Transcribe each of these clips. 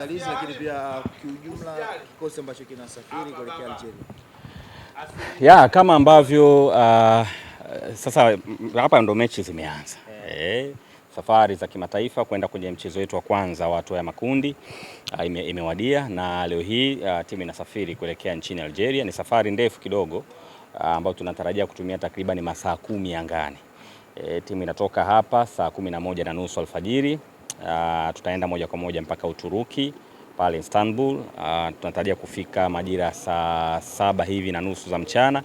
Lakini pia kiujumla kikosi ambacho kinasafiri kuelekea Algeria. Ya kama ambavyo uh, sasa hapa ndo mechi zimeanza yeah. E, safari za kimataifa kwenda kwenye mchezo wetu wa kwanza wa hatua ya makundi uh, ime, imewadia na leo hii uh, timu inasafiri kuelekea nchini Algeria. Ni safari ndefu kidogo uh, ambayo tunatarajia kutumia takriban masaa kumi angani. E, timu inatoka hapa saa kumi na moja na nusu alfajiri Uh, tutaenda moja kwa moja mpaka Uturuki pale Istanbul. Uh, tunatarajia kufika majira saa saba hivi na nusu za mchana,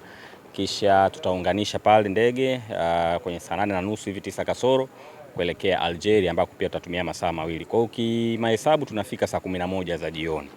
kisha tutaunganisha pale ndege uh, kwenye saa nane na nusu hivi tisa kasoro kuelekea Algeria ambako pia tutatumia masaa mawili. Kwa hiyo kimahesabu tunafika saa kumi na moja za jioni.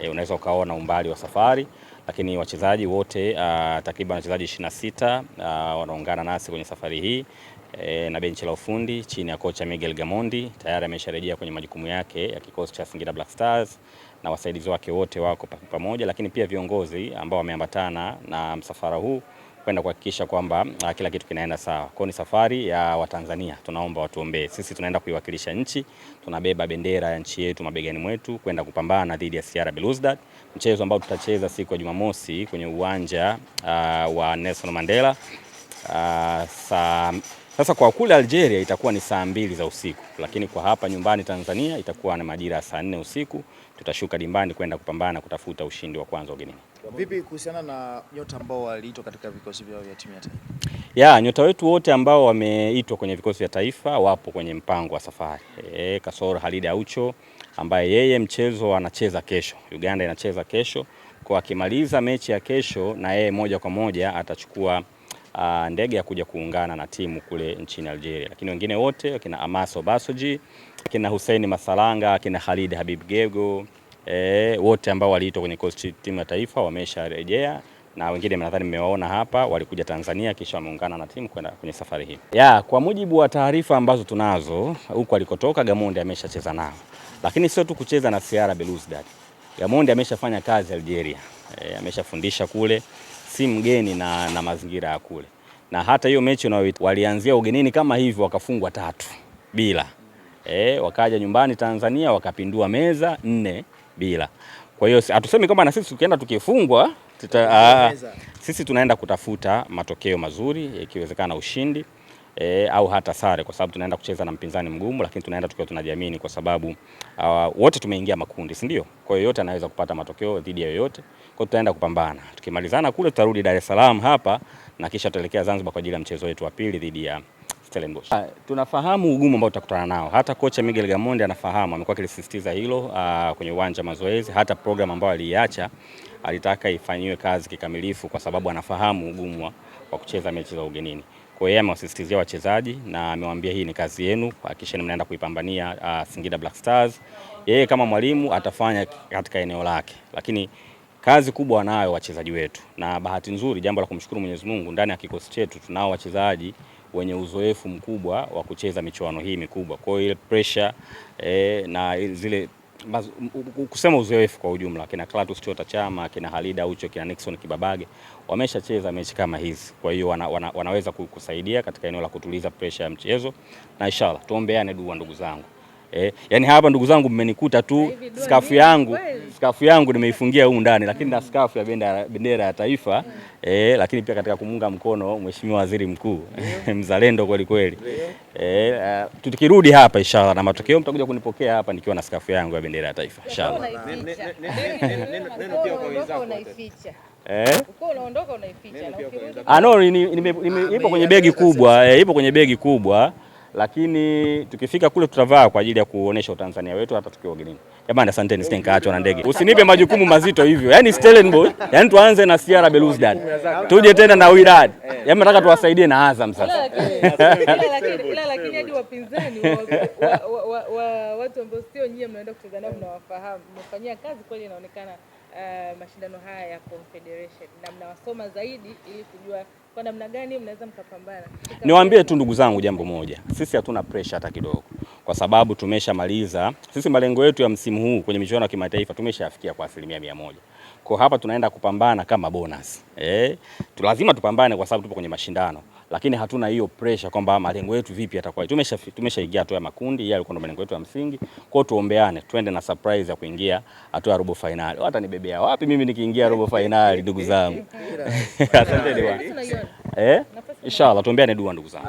E, unaweza ukaona umbali wa safari, lakini wachezaji wote uh, takriban wachezaji 26 uh, wanaungana nasi kwenye safari hii e, na benchi la ufundi chini ya kocha Miguel Gamondi tayari amesharejea kwenye majukumu yake ya kikosi cha Singida Black Stars na wasaidizi wake wote wako pamoja, lakini pia viongozi ambao wameambatana na msafara huu kwenda kuhakikisha kwamba ah, kila kitu kinaenda sawa. Kwa ni safari ya Watanzania, tunaomba watuombee. Sisi tunaenda kuiwakilisha nchi, tunabeba bendera ya nchi yetu mabegani mwetu kwenda kupambana dhidi ya CR Belouizdad, mchezo ambao tutacheza siku ya Jumamosi kwenye uwanja uh, wa Nelson Mandela uh, saa sasa kwa kule Algeria itakuwa ni saa mbili za usiku, lakini kwa hapa nyumbani Tanzania itakuwa na majira ya saa nne usiku. Tutashuka dimbani kwenda kupambana kutafuta ushindi wa kwanza ugenini. Vipi kuhusiana na nyota ambao waliitwa katika vikosi vyao vya timu ya taifa? Ya, nyota wetu wote ambao wameitwa kwenye vikosi vya taifa wapo kwenye mpango wa safari e, kasoro Halida Aucho ambaye yeye mchezo anacheza kesho, Uganda inacheza kesho, kwa akimaliza mechi ya kesho na yeye moja kwa moja atachukua uh, ndege ya kuja kuungana na timu kule nchini Algeria, lakini wengine wote akina Amaso Basoji, akina Hussein Masalanga, akina Khalid Habib Gego e, wote ambao waliitwa kwenye kosti timu ya taifa wamesharejea na wengine nadhani mmewaona hapa walikuja Tanzania kisha wameungana na timu kwenda kwenye safari hii ya. Kwa mujibu wa taarifa ambazo tunazo huko alikotoka, Gamonde ameshacheza nao, lakini sio tu kucheza na Sierra Belouizdad. Gamonde ameshafanya kazi Algeria e, ameshafundisha kule si mgeni na, na mazingira ya kule, na hata hiyo mechi walianzia ugenini kama hivyo wakafungwa tatu bila e, wakaja nyumbani Tanzania wakapindua meza nne bila. Kwa hiyo hatusemi kama na sisi tukienda tukifungwa tuta, aa, sisi tunaenda kutafuta matokeo mazuri ikiwezekana ushindi. E, au hata sare kwa sababu tunaenda kucheza na mpinzani mgumu, lakini tunaenda tukiwa tunajiamini kwa sababu uh, wote tumeingia makundi, si ndio? Kwa hiyo yote anaweza kupata matokeo dhidi ya yoyote, kwa tutaenda kupambana. Tukimalizana kule, tutarudi Dar es Salaam hapa na kisha tutaelekea Zanzibar kwa ajili ya mchezo wetu wa pili dhidi ya Stellenbosch. Ah, tunafahamu ugumu ambao tutakutana nao, hata kocha Miguel Gamondi anafahamu, amekuwa akilisisitiza hilo uh, kwenye uwanja mazoezi, hata program ambayo aliiacha alitaka ifanyiwe kazi kikamilifu, kwa sababu anafahamu ugumu wa kucheza mechi za ugenini. Kwa hiyo amewasisitizia wachezaji na amewaambia hii ni kazi yenu, hakikisheni mnaenda kuipambania uh, Singida Black Stars. Yeye kama mwalimu atafanya katika eneo lake, lakini kazi kubwa wanayo wachezaji wetu, na bahati nzuri, jambo la kumshukuru Mwenyezi Mungu, ndani ya kikosi chetu tunao wachezaji wenye uzoefu mkubwa wa kucheza michuano hii mikubwa. Kwa hiyo ile pressure eh, na zile kusema uzoefu kwa ujumla, kina Clatous Chota Chama, kina Halida Ucho, kina Nixon Kibabage wameshacheza mechi kama hizi, kwa hiyo wana, wana, wanaweza kusaidia katika eneo la kutuliza presha ya mchezo, na inshallah tuombeane dua, ndugu zangu. Eh, yani hapa ndugu zangu mmenikuta tu skafu yangu skafu yangu nimeifungia huku ndani lakini na skafu ya bendera ya taifa eh, lakini pia katika kumunga mkono Mheshimiwa Waziri Mkuu mzalendo kweli kweli. Eh, uh, tukirudi hapa inshallah na matokeo mtakuja kunipokea hapa nikiwa na skafu yangu ya bendera ya taifa inshallah. Ipo kwenye begi kubwa, ipo kwenye begi kubwa lakini tukifika kule tutavaa kwa ajili ya kuonesha utanzania wetu hata tukiwa ugenini. Jamani, asanteni, sije nikaachwa na ndege. Usinipe majukumu mazito hivyo, yaani Stellenbosch, Yaani tuanze na Sierra Belouizdad tuje tena na Wydad, yaani nataka tuwasaidie na Azam sasa. Lakini hadi wapinzani wa watu ambao sio nyie mnaenda kucheza nao mnawafahamu, mmefanyia kazi kweli, inaonekana Eh, mashindano haya ya Confederation na mnawasoma zaidi ili kujua kwa namna gani mnaweza mkapambana. Niwaambie tu ndugu zangu jambo moja, sisi hatuna pressure hata kidogo, kwa sababu tumeshamaliza sisi malengo yetu ya msimu huu kwenye michuano ya kimataifa tumeshafikia kwa asilimia mia moja. Kwa hapa tunaenda kupambana kama bonus. Eh, lazima tupambane kwa sababu tupo kwenye mashindano, lakini hatuna hiyo pressure kwamba malengo yetu vipi yatakuwa. Tumesha tumeshaingia hatua ya makundi, yeye alikuwa ndo malengo yetu ya msingi. Kwao tuombeane, twende na surprise ya kuingia hatua ya robo finali. Hata nibebea wapi mimi nikiingia robo finali, ndugu zangu? Asante bwana. Eh? Inshallah tuombeane dua ndugu zangu.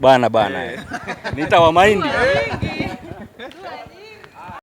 bana. Nitawa eh. Nitawamaindi.